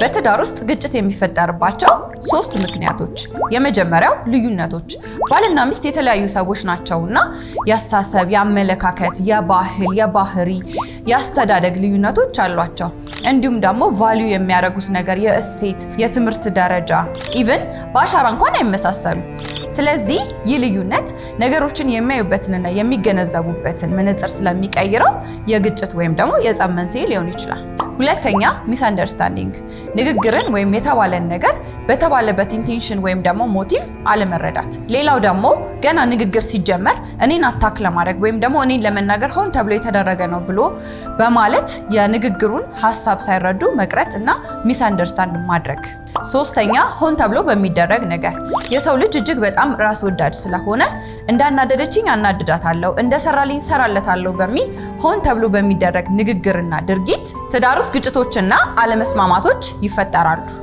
በትዳር ውስጥ ግጭት የሚፈጠርባቸው ሶስት ምክንያቶች። የመጀመሪያው ልዩነቶች፣ ባልና ሚስት የተለያዩ ሰዎች ናቸውና የአስተሳሰብ፣ የአመለካከት፣ የባህል፣ የባህሪ፣ የአስተዳደግ ልዩነቶች አሏቸው። እንዲሁም ደግሞ ቫሊዩ የሚያደርጉት ነገር፣ የእሴት፣ የትምህርት ደረጃ ኢቭን በአሻራ እንኳን አይመሳሰሉ። ስለዚህ ይህ ልዩነት ነገሮችን የሚያዩበትንና የሚገነዘቡበትን መነጽር ስለሚቀይረው የግጭት ወይም ደግሞ የጸብ መንስኤ ሊሆን ይችላል። ሁለተኛ ሚስ አንደርስታንዲንግ ንግግርን ወይም የተባለን ነገር በተባለበት ኢንቴንሽን ወይም ደግሞ ሞቲቭ አለመረዳት። ሌላው ደግሞ ገና ንግግር ሲጀመር እኔን አታክ ለማድረግ ወይም ደግሞ እኔን ለመናገር ሆን ተብሎ የተደረገ ነው ብሎ በማለት የንግግሩን ሀሳብ ሳይረዱ መቅረት እና ሚስ አንደርስታንድ ማድረግ። ሶስተኛ ሆን ተብሎ በሚደረግ ነገር የሰው ልጅ እጅግ በጣም ራስ ወዳድ ስለሆነ እንዳናደደችኝ አናድዳታለሁ፣ እንደሰራልኝ ሰራለታለሁ በሚል ሆን ተብሎ በሚደረግ ንግግርና ድርጊት ትዳሩ ግጭቶችና አለመስማማቶች ይፈጠራሉ።